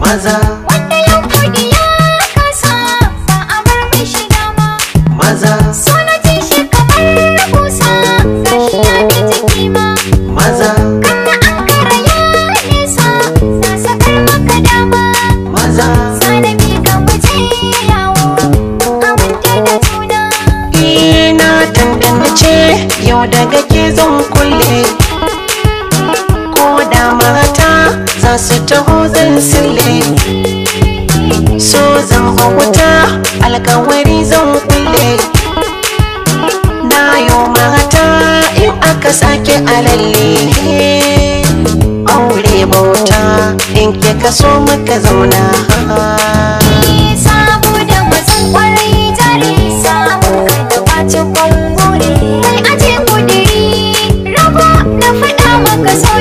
Maza yau daga ke zan kulle ko da mata za su taho zan sille so zan wuta alkawari zan kulle na yau mata in aka sake alalle aure bauta in ke kaso muka zauna faɗa maka so